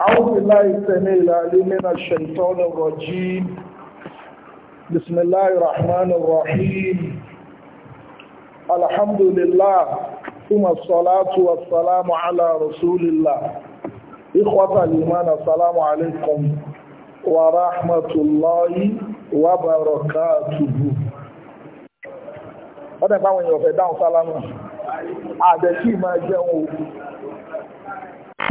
أعوذ بالله السميع العليم من الشيطان الرجيم بسم الله الرحمن الرحيم الحمد لله ثم الصلاة والسلام على رسول الله إخوة الإيمان السلام عليكم ورحمة الله وبركاته ọdún ìpáwọn èèyàn fẹ́ dáhùn sálámù àdẹ̀kí máa jẹun òkú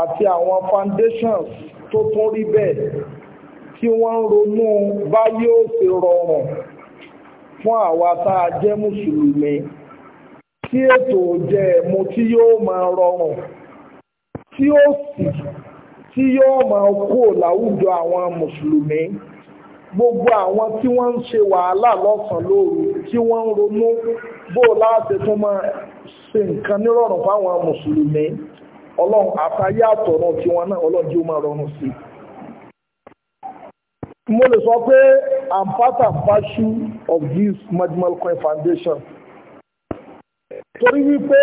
àti àwọn foundations tó tún rí bẹ́ẹ̀ tí wọ́n ń ronú báyé ó ṣe rọrùn fún àwa tá a jẹ́ mùsùlùmí tí ètò jẹ ẹ̀mú tí yóò máa rọrùn tí ó sì tí yóò máa kó láwùjọ àwọn mùsùlùmí gbogbo àwọn tí wọ́n ń ṣe wàhálà lọ́sàn-án lóru tí wọ́n ń ronú bó láti tún máa ṣe nǹkan nírọ̀rùn fáwọn mùsùlùmí ọlọ́run àtàyé àtọ̀nà tí wọn náà ọlọ́run jí ó máa rọrùn sí i mo lè sọ pé i'm part and parcel of this Majmal Coin Foundation torí wípé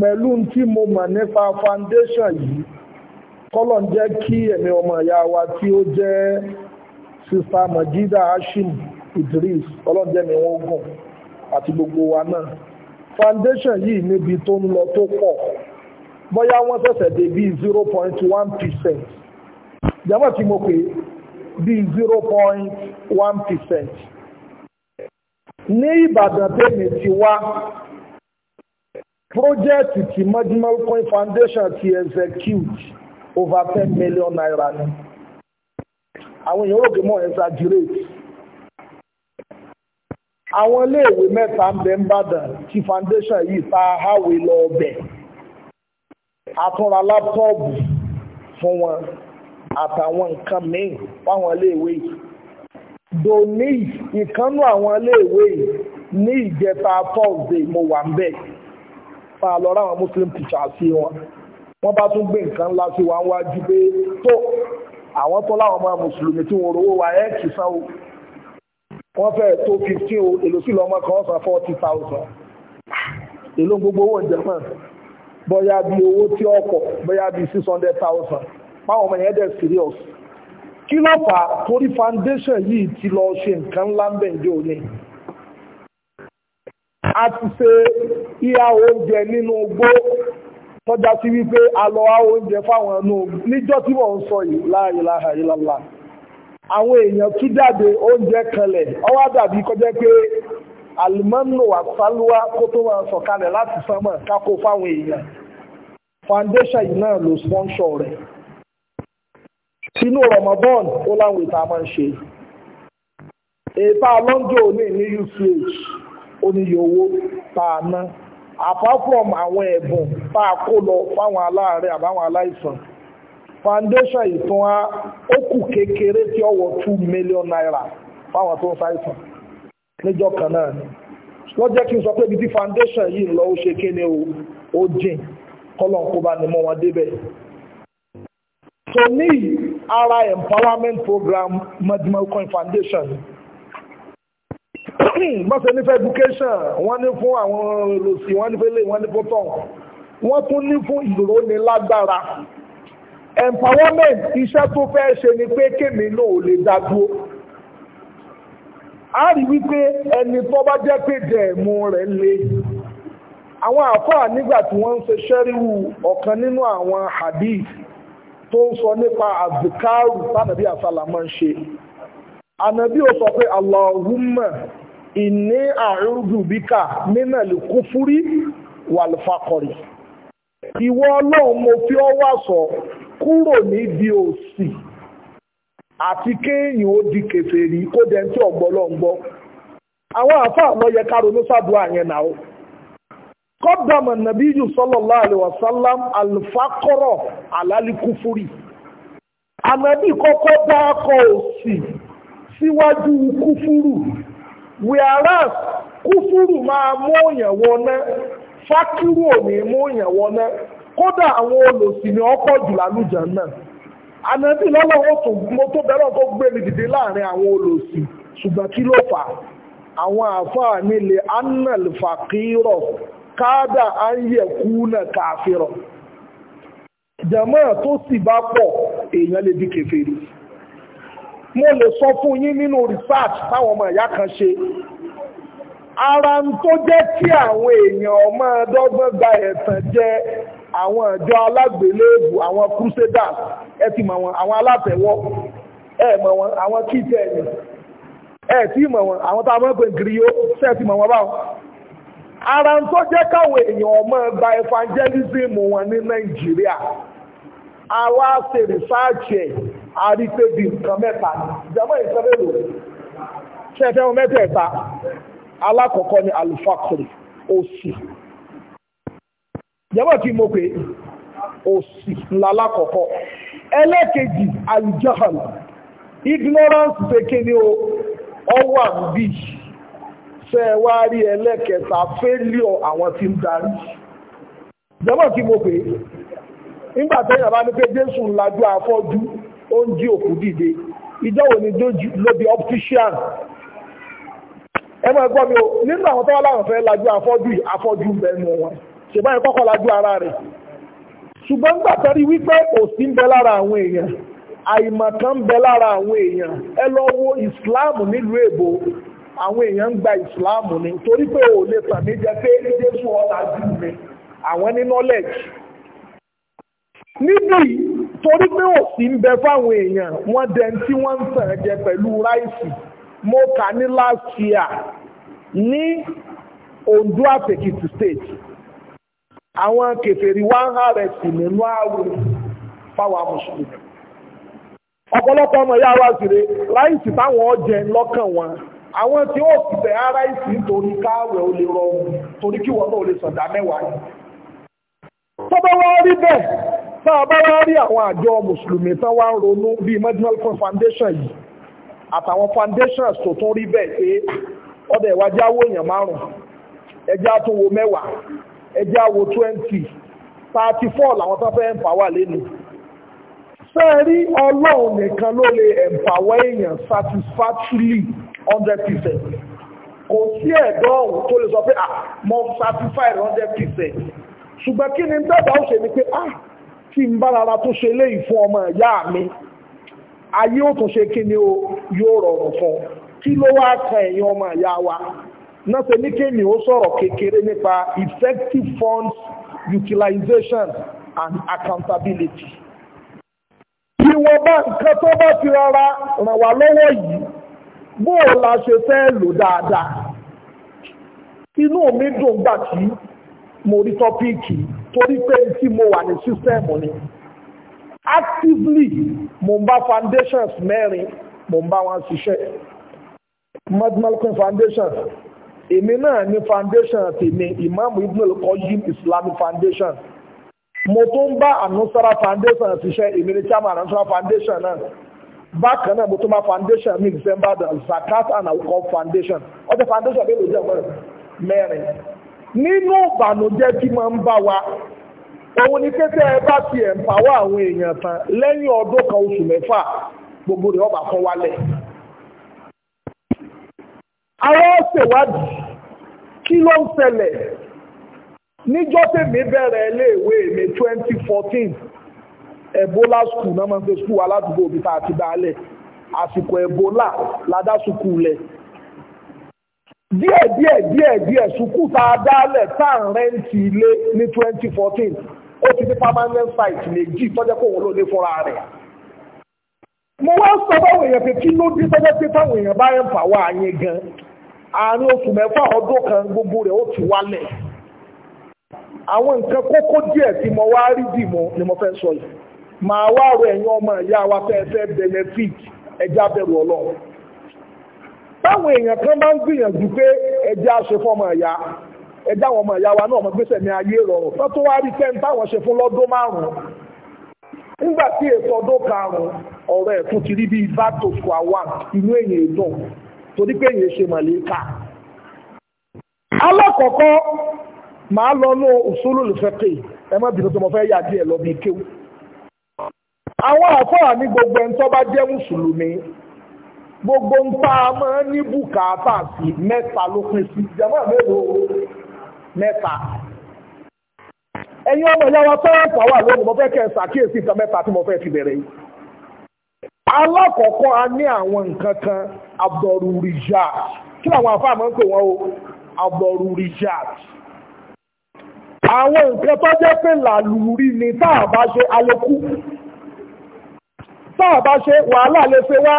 pẹ̀lú tí mo mọ̀ nípa foundation yìí kọ́lọ̀ ń jẹ́ kí ẹ̀mí ọmọ ìyá wa tí ó jẹ́ sista Majida Hashim Idris ọlọ́njẹ́mi wọn gùn àti gbogbo wa náà foundation yìí níbi tó ń lọ tó pọ̀ bóyá wọ́n ṣẹ̀ṣẹ̀ dé bíi zero point one percent jàmọ́ tí mo pè bíi zero point one percent ní Ìbàdàn tèmi ti wá project ti marginal point Foundation ti execute over ten million naira ni àwọn èèyàn òkè mọ̀ exaggerate àwọn iléèwé mẹ́ta ń bẹ ń bàdàn ti foundation yìí ta háwé lọ ọbẹ̀ àtúnra lápọ́ọ̀bù fún wọn àtàwọn nǹkan míì fáwọn iléèwé yìí dòní ìkánú àwọn iléèwé yìí ní ìjẹta thursday mo wà ń bẹ̀ fa lọ ráwọn muslim teacher sí wọn wọ́n bá tún gbé nǹkan ńlá sí wa wájú pé tó àwọn tó láwọn ọmọ mùsùlùmí tí wọ́n rówó wa ẹ̀ kì í sanwó wọ́n fẹ́ tó fifteen o èlò sí lọ́mọ kan ọ̀sán forty thousand èlò gbogbo owó ìjẹun bóyá bí owó tí ọkọ̀ bóyá bí 600,000 báwọn ọmọ yẹn serious kí ló fà torí foundation yìí ti lọ ṣe nǹkan ńlá ń bẹ̀ ní òní a ti ṣe ìhà oúnjẹ nínú igbó tọ́já sí wípé a lọ há oúnjẹ fáwọn ẹnu níjọ́ tí wọ́n ń sọ yìí la ilaha illallah àwọn èèyàn tún jáde oúnjẹ kanlẹ̀ ó wá dàbí kọjá pé alimọ́nù àtàlùwà kó tó máa sọ̀kalẹ̀ láti sánmọ̀ kákó fáwọn èèyàn foundation yìí náà ló sponsor rẹ̀ sínú Ramadan ó láwọn ìta máa ń ṣe ètò alonso ní ní UCH ó ní iye owó tá a ná apart from àwọn ẹ̀bùn tá a kó lọ fáwọn aláàárẹ̀ àbáwọn aláìsàn foundation ìtàn ó kù kékeré tí ó wọ two million naira fáwọn tó ń ṣàìsàn níjọ́ kan náà ni lọ́jẹ́ kí n sọ pé ibi tí foundation yìí lọ ó ṣe kéne o ó jìn kọ́lọ̀n bá ní mọ́ wọn débẹ̀. so ní ara empowerment program Majmal Coin Foundation bọ́sẹ̀ nífẹ̀ẹ́ education wọ́n ní fún àwọn olùsí wọ́n ní fẹ́lẹ̀ wọ́n ní fún tán wọ́n tún ní fún ìrónilágbára empowerment iṣẹ́ tó fẹ́ ṣe ni pé kémi náà ò lè dá dúró a rí wípé ẹni tó bá jẹ́ pé dẹ̀ẹ̀mú rẹ̀ le àwọn àfáà nígbà tí wọ́n ń ṣe ṣẹ́ríwù ọ̀kan nínú àwọn hadith tó ń sọ nípa azikaru tánàbí àsàlámọ́ ń ṣe ànàbí ó sọ pé Allahumma inni a'udhu bika minal kufuri wal faqri ìwọ ọlọ́run mo fi ọ́ wà sọ kúrò níbi òṣì àti kéèyàn ó di kèfèrí kó dẹni tí ọgbọlọgbọ. àwọn àfáà lọ yẹ ká ronú sábúà yẹn náà kọ́dàmà nàbí yìí sọ́lọ́lá àlèwàsálàm àlùfákọ́rọ̀ àlálìkúfúrì ànàbí kọ́kọ́ òsì síwájú kúfúrù whereas kúfúrù máa mú òyàn wọná fákírù ò mú òyàn wọná kódà àwọn ni jù ànàbí lọ́lọ́wọ́ tó mo tó bẹ̀rẹ̀ tó gbé mi dìde láàrin àwọn olòṣì ṣùgbọ́n kí ló fà àwọn àfáà nílé annal fàkírọ̀ káàdà ayẹ̀kú náà kàfírọ̀ jàmọ́ tó sì bá pọ̀ èèyàn lè di kèfèrí mo lè sọ fún yín nínú research táwọn ọmọ ìyá kan ṣe ara ń tó jẹ́ kí àwọn èèyàn ọmọ ọdọ́gbọ́n gba ẹ̀tàn jẹ àwọn ìjọ alágbèléèbù àwọn crusaders ẹ ti mọ̀ wọn àwọn alátẹ̀wọ́ ẹ mọ̀ wọn àwọn kíkẹ́ ẹ̀yìn ẹ ti mọ̀ wọn àwọn tá a mọ̀ pé gíríyó ṣe ti mọ̀ wọn báwọn. ara ń tó jẹ́ káwọn èèyàn ọmọ ẹgbà evangelism wọn ní nàìjíríà àwa ṣe rìsáàchì ẹ̀ àrípébi nǹkan mẹ́ta ìjàmọ́ ìsọ́lẹ̀lò ṣẹ́fẹ́ mẹ́tẹ̀ẹ̀ta alákọ̀ọ́kọ́ ni alifakiri òsì jẹ́wọ́ kí mo pè òsì lálákọ̀ọ́kọ́ ẹlẹ́kejì aljahal ignorance ṣe kí ni o ọwọ́ àbí ṣe wá rí ẹlẹ́kẹta failure àwọn tí ń darí jẹ́wọ́ kí mo pè nígbà tẹ́yìn bá ní pé Jésù lajú afọ́jú ó ń jí òkú dìde ìjọ́wò ni lóbi optician ẹ mọ̀ ẹgbọ́n mi o nínú àwọn tọ́wọ́ láwọn fẹ́ lajú afọ́jú afọ́jú bẹ́ẹ̀ nù wọn ṣèbá ẹ̀ kọ́kọ́ lajú ara rẹ̀ ṣùgbọ́n gbàtàrí wípé òsì ń bẹ lára àwọn èèyàn àìmọ̀kan ń bẹ lára àwọn èèyàn ẹ lọ wo ìsìláàmù nílùú èbó àwọn èèyàn ń gba ìsìláàmù ni torí pé ò lè tàn mí jẹ pé jésù ọ̀la jù mi àwọn ní knowledge níbi torí pé òsì ń bẹ fáwọn èèyàn wọ́n dẹ tí wọ́n ń tàn jẹ pẹ̀lú ráìsì mo kà ní last year ní Ondo àtèkìtì state àwọn kèfèrí wá ń há rẹ̀ sí nínú ààrùn fáwà mùsùlùmí ọ̀pọ̀lọpọ̀ ọmọ ìyá wa sì rè ráìsì táwọn ọjẹ lọ́kàn wọn àwọn tí ó ti bẹ̀ á ráìsì nítorí káàwẹ̀ ó lè rọrùn torí kí wọn náà lè sọ̀dá mẹ́wàá yìí tó bá wá rí bẹ́ẹ̀ tá a bá wá rí àwọn àjọ mùsùlùmí tán wá ń ronú bíi medical foundation yìí àtàwọn foundations tó tún rí bẹ́ẹ̀ pé ọdẹ ìwájú àwòyàn márùn-ún ẹjẹ́ àtúnwò mẹ́wàá ẹjẹ́ àwò twenty thirty four làwọn tó fẹ́ empower lẹ́nu sẹ́ẹ̀rí ọlọ́run nìkan ló lè empower èèyàn satisfactorily hundred percent kò sí ẹ̀dọ́ ọ̀hún tó lè sọ pé ah mo satisfy hundred percent ṣùgbọ́n kí ni bẹ́ẹ̀ bá ó ṣe ni pé ah tí n bá rárá tó ṣe léyìí fún ọmọ ìyá mi ayé ó tún ṣe kí ni o yóò rọrùn fún kí ló wá kan ẹ̀yin ọmọ ìyá wa náṣe ní kéèmì ó sọ̀rọ̀ kékeré nípa effective funds utilization and accountability. ìwọ̀n bá nǹkan tó bá ti rárá ràn wá lọ́wọ́ yìí bó o la ṣe fẹ́ lò dáadáa. inú mi dùn gbà tí mo rí tọ́píìkì torí pé tí mo wà ní sísẹ́ẹ̀mù ni. actively mo ń bá foundations mẹ́rin mo ń bá wọn ṣiṣẹ́. Mad Malcolm Foundation èmi náà ni foundation tèmi Imam Ibn al-Qayyim foundation mo tó ń bá anusara foundation ṣiṣẹ́ èmi ní chairman foundation náà bákan náà mo tó bá foundation mi december the zakat and alcohol foundation ọjọ́ foundation mi ló jẹ́ mẹ́rin nínú ìbànújẹ́ tí máa ń bá wa òun ni pé tẹ́ ẹ bá àwọn èèyàn tán lẹ́yìn ọdún kan oṣù gbogbo rẹ̀ ọba àwọn ṣèwádìí kí ló ń ṣẹlẹ̀ níjọ́ tèmi bẹ̀rẹ̀ iléèwé mi twenty fourteen ebola school náà máa ń ṣe school aládùúgbò òbí tá a ti dálẹ̀ àsìkò ebola ládá sukù lẹ̀ díẹ̀ díẹ̀ díẹ̀ díẹ̀ sukù tá a dálẹ̀ tá à ń rẹ́ǹtì ilé ní twenty fourteen ó ti ní permanent site méjì tọ́jẹ́ kó òun ló dé fúnra rẹ̀. mo wá ń sọ báwọn èèyàn pé kí ló dé tọ́jọ́ pé táwọn èèyàn bá ń fà wá yẹn gan oṣù kan gbogbo rẹ̀ o ti àwọn nkan kókó díẹ̀ tí mo wá rí dì mọ́ ni mo fẹ́ sọ yìí màá wá ẹ̀yin ọmọ wa fẹ́ fẹ́ benefit ẹja bẹ̀rù ọlọ́run kan máa ń gbìyànjú pé ẹja ṣe nígbà tí èso ọdún karùn-ún ọ̀rọ̀ ẹ̀fún ti rí bíi back to square one inú èyí dùn torí pé èyí ṣe mọ̀lẹ́ka. alákọ̀ọ́kọ́ màá lọ ní òṣèlú olùfẹ́kẹ́ ẹ má bìnú tó mo fẹ́ yà díẹ̀ lọ bí kéwù. àwọn àfọ́à ní gbogbo ẹni tó bá jẹ́ mùsùlùmí gbogbo ń pa máa ní bùkátà sí mẹ́ta ló pín sí jàmáà mélòó mẹ́ta ẹ̀yin ọmọ ìyá wa tọ́ọ̀tà wà lónìí mo fẹ́ kẹ́ ẹ ṣàkíyèsí nǹkan mẹ́ta tí mo fẹ́ fi bẹ̀rẹ̀ yìí. alákọ̀ọ́kọ́ a ní àwọn nǹkan kan abdulrujat kí làwọn àfáà máa ń pè wọ́n o abdulrujat. àwọn nǹkan tó jẹ́ pé làlùrí ni tá a bá ṣe alẹ́kú tá a bá ṣe wàhálà lè ṣe wá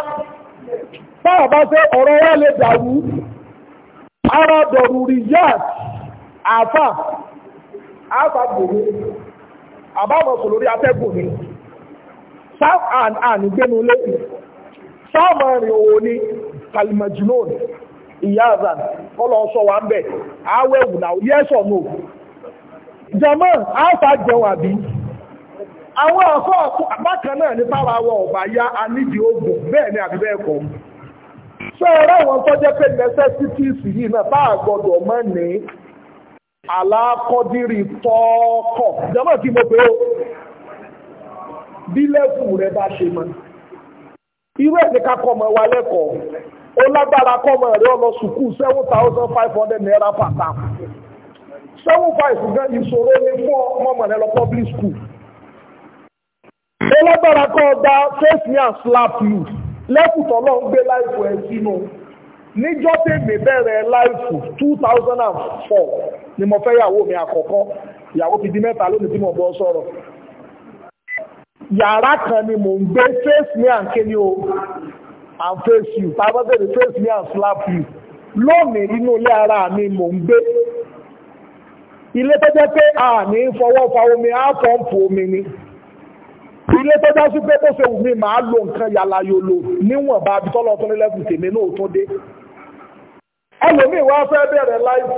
tá a bá ṣe ọ̀rọ̀ wa lè dàrú ara dọ̀rùrìyàt àfáà àbàgbòrò ọsọ lórí atẹ́gùn ni south and and gbénu lẹ́yìn south and ni kalimajinon iyazan kọ́lọ̀ ọ̀sọ̀ wà ń bẹ̀ àwẹ̀ ìwùnà yes or no alfa jẹun àbí àwọn àkọ́ bákan náà ní pàwọ́ àwọ̀ ọba ya a ogun bẹ́ẹ̀ ni àbí bẹ́ẹ̀ sọ ẹ̀rọ àwọn tó jẹ́ pé necessities yìí náà bá ní alákọ́dírì tọ́ọ̀kọ̀ jẹ́mọ́ tí mo pé ó bí lẹ́kùn rẹ bá ṣe mọ́ irú ẹ̀ ní kakọ́ ọmọ wa lẹ́kọ̀ọ́ ó lágbára kọ́ ọmọ rẹ ọlọ sùkúù seven thousand five hundred naira per term seven five gan ìṣòro ni fún ọmọ rẹ lọ public school ó lágbára kọ́ ọgbà face me and slap you lẹ́kùtọ̀ náà ń gbé láìpù ẹ̀ sínú níjọ́ tèmi bẹ̀rẹ̀ láìpù two thousand and four ni mo fẹ́ yàwó mi àkọ́kọ́ ìyàwó fi di mẹ́ta lónìí tí mo bọ́ sọ̀rọ̀ yàrá kan ni mò ń gbé face me and kill you and face you tàbí bẹ́ẹ̀ face me and slap you lónìí inú ilé ara mi mò ń gbé ilé tó jẹ́ pé a ní fọwọ́ fa omi á pọ́ǹpù omi ni ilé tó já sí pé bó ṣe wù mí màá lo nǹkan yàlà yòlò níwọ̀n bá abitọ́lọ́ tó ní lẹ́kùn tèmi náà tó dé ẹlòmíì wá fẹ́ bẹ̀rẹ̀ láìsí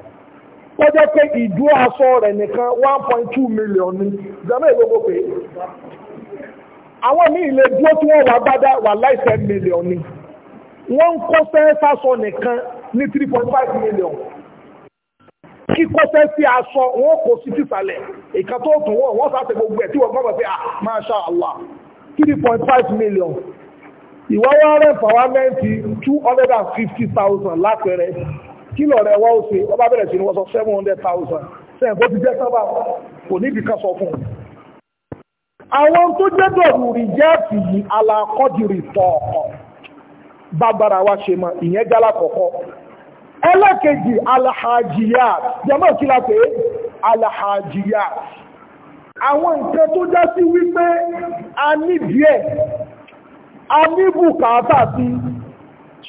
tọ́jọ́ pé ìdú aṣọ rẹ̀ nìkan one point two million ni ìjọba èlò mo pè é àwọn míì lè dúró tí wọ́n wà bàdá wà láì ten million ni wọ́n ń kó sẹ́ńsì aṣọ nìkan ní three point five million kíkọ́ sẹ́ńsì aṣọ wọn kò sí sísàlẹ̀ ìkan tó tún wọ́n wọ́n sáà ṣe gbogbo ẹ̀ tí wọ́n gbọ́dọ̀ pé ah masha allah three point five million ìwọ́wọ́ rẹ̀ fàwọn mẹ́ǹtì two hundred and fifty thousand lápẹẹrẹ kí lọ̀rẹ́ wá ó ṣe ó bẹ̀rẹ̀ sí ní wọ́n sọ seven hundred thousand sẹ́yìn bó ti jẹ́ sábà kò níbi kan sọ fún un. àwọn tó jẹ́ dọ̀rù rìjẹ́ẹ̀tì yìí alakọ́dìrì tọ̀ọ̀kọ̀ bágbára wa ṣe mọ ìyẹn jálá kọ̀ọ̀kọ́ ẹlẹ́kejì alahajiya jẹ́mọ́ kí la pé alahajiya àwọn nǹkan tó já sí wípé a nídìí ẹ̀ a ní bùkátà sí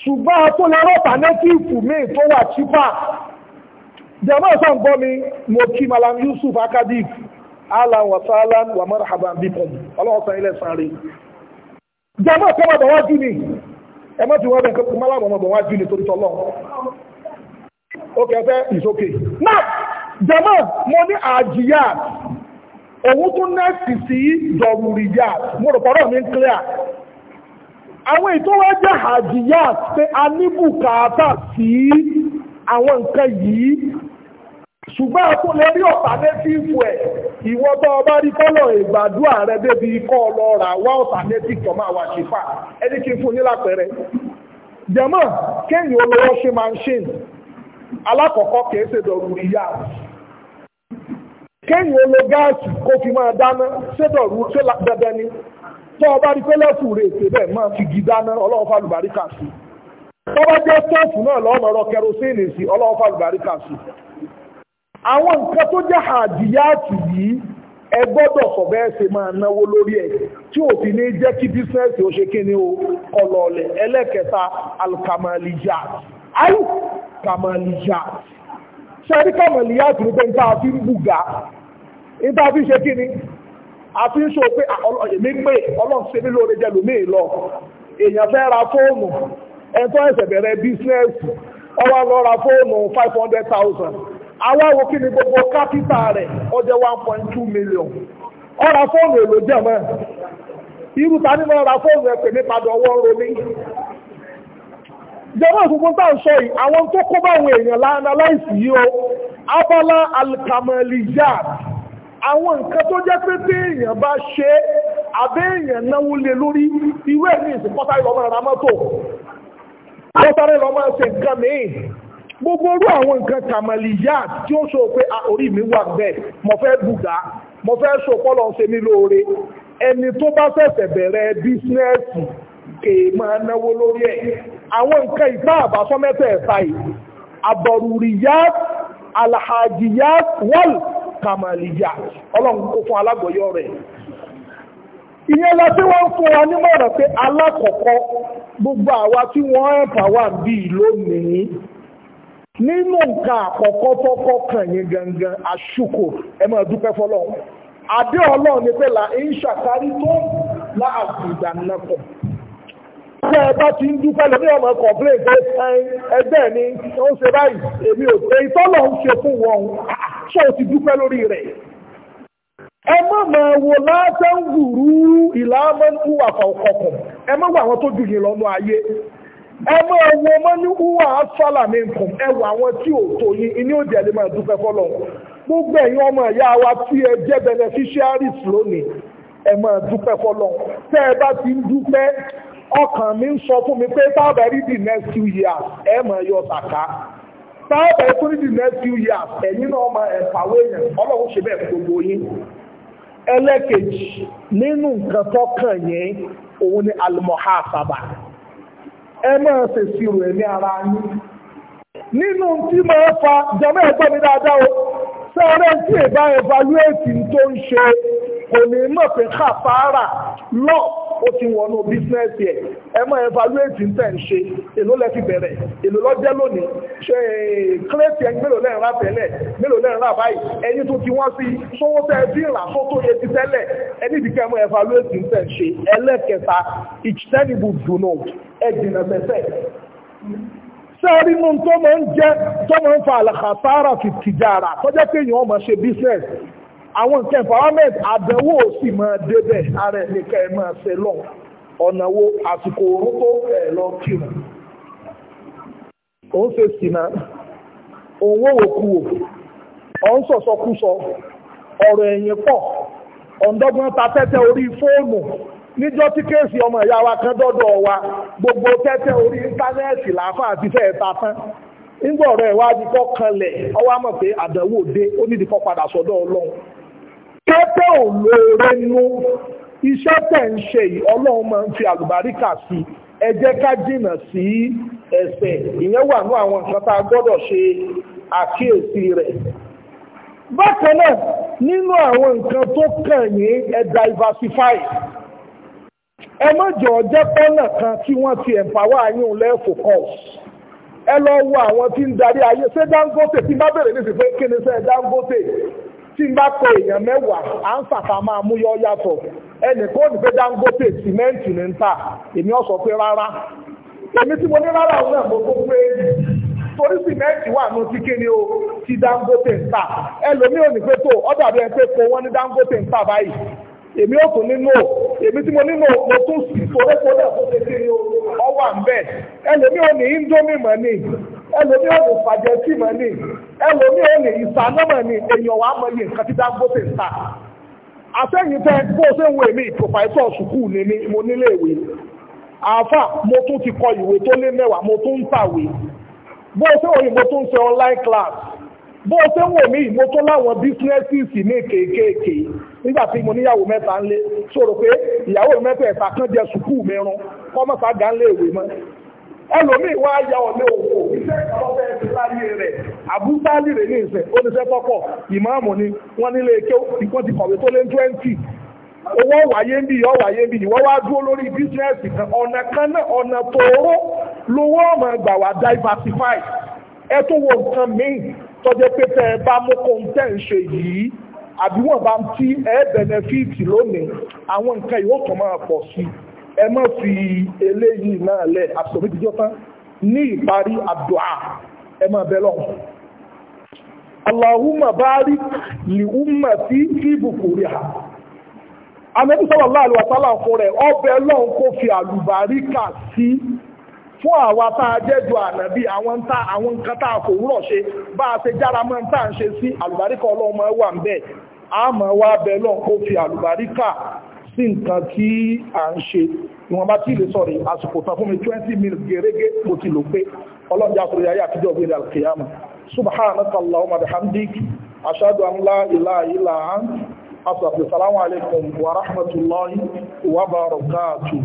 ṣùgbọ́n tó lọ rọ́ta nẹ́tíìfù míì tó wà chípà jẹ́mọ́ ìsàn gbọ́ mi mo kí malam yusuf akadif alan wasalan wa marhaban bikom ọlọ́ọ̀sán ilẹ̀ sáré jẹ́mọ́ ìsàn ọmọdé wá jù ní ẹmọ́ tí wọ́n bẹ̀ kọ́ malam ọmọdé wá jù ní torí tọ́lọ́ ókè ẹfẹ́ ìsókè náà jẹ́mọ́ mo ní àjíyà òun tún nẹ́ẹ̀sì sí dọ̀rùrìyà mo rò pọ̀rọ̀ mi ń clear àwọn ètò wá jẹ́ àjíyà pé a ní bùkátà sí àwọn nǹkan yìí ṣùgbọ́n a tó lè rí ọ̀tà nẹ́tífù ẹ̀ ìwọ́n tó ọba rí fọ́lọ̀ ìgbàdúrà rẹ débi ikọ́ ọlọ́ra wá ọ̀tà nẹ́tífù ọmọ àwọn àṣìfà ẹni kí n fún yín lápẹẹrẹ jẹ́mọ́ kéèyàn olówó ṣe máa ń ṣe alákọ̀ọ́kọ́ kìí ṣe dọ̀rù ìyá kéèyàn ológáàsì kó fi máa dáná ṣé dọ̀rù ṣé dandan ni tó ọba rí pé lẹ́kùn rè ṣe bẹ́ẹ̀ máa fi gidá náà ọlọ́run fàlùbáríkà sí tọ́ba jẹ́ stóòfù náà lọ́nà ọ̀rọ̀ kẹrosíìnì sí ọlọ́run fàlùbáríkà sí àwọn nǹkan tó jẹ́ àdìyáàtì yìí ẹ gbọ́dọ̀ sọ bẹ́ẹ̀ ṣe máa náwó lórí ẹ̀ tí òfin ní jẹ́ kí bísínẹ́sì ó ṣe kíni o ọlọ́ọ̀lẹ̀ ẹlẹ́kẹta alkamalija ayi kamalija ṣe rí kamalija tó ní pé níta fi ń àfi ń sọ pé ah, èmi pé ọlọ́run ṣe mí lóore jẹ́ lómi lọ èèyàn fẹ́ ra fóònù ẹni tó ẹsẹ̀ bẹ̀rẹ̀ bísínẹ́sì ọwọ́ lọ ra fóònù five hundred thousand àwọn àwọn kí ni gbogbo kápítà rẹ̀ ó jẹ́ one point two million ó ra fóònù èlò jẹ́ mọ́ irú ta ni mo ra fóònù ẹ̀ pè mí padà ọwọ́ ń ro mí jẹ́wọ́n ìfúnfún tá ń sọ yìí àwọn tó kó bá àwọn èèyàn láńdá láìsí yìí o abala alkamaliyat àwọn nǹkan tó jẹ́ pé bí èèyàn bá ṣe àbẹ́ èèyàn náwó lé lórí irú ẹ̀ ní ìsìn pọ́tàrí lọ́mọ ara mọ́tò pọ́tàrí lọ́mọ ẹsẹ̀ nǹkan mìí gbogbo orú àwọn nǹkan tàmàlìyà tí ó sọ pé orí mi wà bẹ́ẹ̀ mo fẹ́ bùgá mo fẹ́ sọ pọ́lọ̀ ṣe mí lóore ẹni tó bá ṣẹ̀ṣẹ̀ bẹ̀rẹ̀ bísínẹ́sì kè máa náwó lórí ẹ̀ àwọn nǹkan ìta àbásọ́mẹ́tẹ̀ẹ̀ta yìí àbọ̀rùrìyà alhajiyà wọ́lù Kama lìjà ọlọ́run kó fún alágbọ̀yọ́ rẹ̀ ìyẹn la tí wọ́n fún wa nímọ̀ràn pé alákọ̀ọ́kọ́ gbogbo àwa tí wọ́n ẹ̀pà wà bí lónìí nínú nǹkan àkọ́kọ́ tọ́kọ́ kàn yín gangan àṣùkò ẹ máa dúpẹ́ fọlọ́run àdé ọlọ́run ni pé là ń ṣàkárí tó láàbù ìdánilẹ́kọ̀ọ́ ẹgbẹ́ ẹbá ti ń dúpẹ́ lọ ní ọmọ kọ̀ọ̀pẹ́ ẹgbẹ́ ẹgbẹ́ ni ó ń ṣe báyìí èmi ò tẹ ìtọ́lọ̀ ń ṣe fún wọn ṣé ti dúpẹ́ lórí rẹ̀ ẹ má máa wo látàn gùrú ìlàmọ́nù àfọ̀kọ̀kọ̀ ẹ má wo àwọn tó jù yín lọ́nu ayé ẹ má wo mọ́nú wà á sọ́là ní nǹkan ẹ wo àwọn tí ò tó yín iní òdì ẹ̀lẹ́ máa dúpẹ́ fọ́lọ́ gbogbo ẹ̀yin ọmọ ìyá wa tí ẹ jẹ́ beneficiaries lónìí ẹ máa dúpẹ́ fọ́lọ́ tẹ́ ẹ bá ti ń dúpẹ́ ọkàn mi ń sọ fún mi pé tábàárí the next two years ẹ máa yọ sàká táàbà ẹ̀kọ́ ní the next few years ẹ̀yìn náà máa ẹ̀fàwé èèyàn ọlọ́run ṣe bẹ́ẹ̀ gbogbo yín ẹlẹ́kejì nínú nǹkan tó kàn yín òun ni almuhasaba ẹ máa ṣèṣirò ẹ̀mí ara yín nínú tí máa fa jọmọ ẹ̀gbọ́n mi dáadáa o sẹ́rẹ́ tí ìbá evaluate tó ń ṣe kò ní mọ̀ pé kàfàrà lọ́ọ̀ ó ti wọnú bísínẹ́sì ẹ̀ ẹ mọ evaluate tẹ̀ ń ṣe èló lẹ fi bẹ̀rẹ̀ èló lọ́jẹ́ lónìí ṣe eh, kílẹ̀tì ẹni mélòó lẹ́ẹ̀rá tẹ́lẹ̀ mélòó lẹ́ẹ̀rá báyìí ẹni tó ti wọ́n sí sówó tẹ́ ẹ bí ìrà sótó yẹ ti tẹ́lẹ̀ ẹni ti kẹ́ mọ evaluate tẹ̀ ń ṣe ẹlẹ́kẹta ìtẹ́nibù dùnú ẹ̀dìnà tẹ̀tẹ̀ sẹ́ẹ̀rí nù tó máa ń jẹ́ tó business àwọn nǹkan empowerment àbẹ̀wò sì máa débẹ̀ ara ẹ̀ nìkan ẹ̀ máa ṣe lọ ọ̀nà wo àsìkò òun tó ẹ̀ lọ kírun òun ṣe sì náà òun wòwò kú wò òun sọ̀sọkúsọ ọ̀rọ̀ ẹ̀yìn pọ̀ ọ̀ǹdọ́gbọ́n ta tẹ́tẹ́ orí fóònù níjọ́ tí kéèsì ọmọ ìyá wa kan dọ́dọ̀ wa gbogbo tẹ́tẹ́ orí íńtánẹ́ẹ̀tì làáfà àti fẹ́ẹ̀ ta tán nígbà ọ̀rọ̀ ẹ̀ wá di kọ́ kanlẹ̀ ọwọ́ àmọ̀ pé àdánwò dé ó nídìí kọ́ padà sọ́dọ̀ ọlọ́run iṣẹ́ tẹ́ ò lóore nú iṣẹ́ tẹ́ ń ṣe yìí ọlọ́run máa ń fi àlùbáríkà sí ẹ jẹ́ ká jìnnà sí ẹ̀ṣẹ̀ ìyẹn wà ní àwọn nǹkan tá a gbọ́dọ̀ ṣe àkíyèsí rẹ̀ bákan náà nínú àwọn nǹkan tó kàn yín ẹ diversify ẹ má jọ jẹ́ pọ́nà kan tí wọ́n ti empower yín lẹ́ẹ̀fọ́ course ẹ lọ wo àwọn tí ń darí ayé ṣé Dangote tí bá bẹ̀rẹ̀ nísìsiyìí pé kí ni sẹ́ Dangote tí n bá kọ èèyàn mẹ́wàá à ń fàfà máa mú yọ yàtọ̀ ẹnì kó ní Dangote sìmẹ́ǹtì ní ń èmi ò pé rárá èmi tí mo ní rárá òun náà mo tó pé torí sìmẹ́ǹtì wà ní ti ni o ti Dangote ń tó ọ̀dà bí ẹ pé kó wọ́n ní Dangote mo nínú o tún sí torí kó ọ ń ní Indomie ẹlòmí ò ní fàjẹtì mọ ni ẹlòmí ò ní ìsànámọ ni èèyàn wàá mọ iye nǹkan tí Dangote ń ta àtẹ̀yìn tẹ bó ṣe ń wo èmi ìpòfàìtọ̀ sùkúù ni mi mo nílé ìwé àáfà mo tún ti kọ ìwé tó lé mẹ́wàá mo tún ń tàwé bó ṣe wò yìí mo tún ń ṣe online class bó ṣe ń wò mí mo tún láwọn bísínẹ́sìsì ní kéékèèké nígbà tí mo níyàwó mẹ́ta ńlé sọ̀rọ̀ pé ìyàwó mẹ́ta ẹ̀ta kan jẹ sùkúù mi run kọ́mọ́sá gánlé ìwé mọ́ ẹlòmíì wá ya ọ̀lẹ́ òkò iṣẹ́ ìkàlọ́fẹ́ ẹ̀sìn láyé rẹ̀ àbúgbálì rẹ̀ ní ìṣẹ́ oníṣẹ́ tọ́pọ̀ ìmáàmù ni wọ́n nílé ike ìkọ́ ti kọ̀wé tó lé 20 owó wáyé ń bí ìyọ́ wáyé ń bí ìwọ́ wá dúró lórí bísíǹsì kan ọ̀nà kan náà ọ̀nà tóóró lówó ọ̀nà ìgbà wà diversify ẹ tó wo nǹkan míì tọ́jẹ́ pé tẹ́ ẹ bá mú kóńtẹ́ ń ṣe yìí àbí wọ́n bá ń ẹ bẹ̀nẹ́fíìtì lónìí àwọn nǹkan yóò tún máa pọ̀ sí i ẹ má fi eléyìí náà lẹ̀ àtòmí ti jọ́tán ní ìparí àdúà ẹ má bẹ lọ́hùn. Allahumma barik li ummati fi bukuriha. Ànábì sallallahu alaihi wasallam fún rẹ̀ ọbẹ̀ lọ́hùn kó fi àlùbáríkà sí fún àwa tá a jẹ́jọ ànábì àwọn tá àwọn nǹkan tá a kò wúrọ̀ ṣe bá a ṣe jára mọ́ tá à ń ṣe sí àlùbáríkà ọlọ́run máa wà ń bẹ̀. A wá bẹ lọ́hùn kó fi àlùbáríkà sí nǹkan tí à ń ṣe ìwọ̀n bá tí ìlé sọ̀rọ̀ àsìkò tán fún mi 20 mil gẹ́gẹ́ mo ti lò pé ọlọ́jà àkùrẹ́ ayé àtijọ́ ògbé ní alkiyama subhanaka allahumma bihamdik ashhadu an la ilaha illa ant astaghfiruka assalamu alaikum wa rahmatullahi wa barakatuh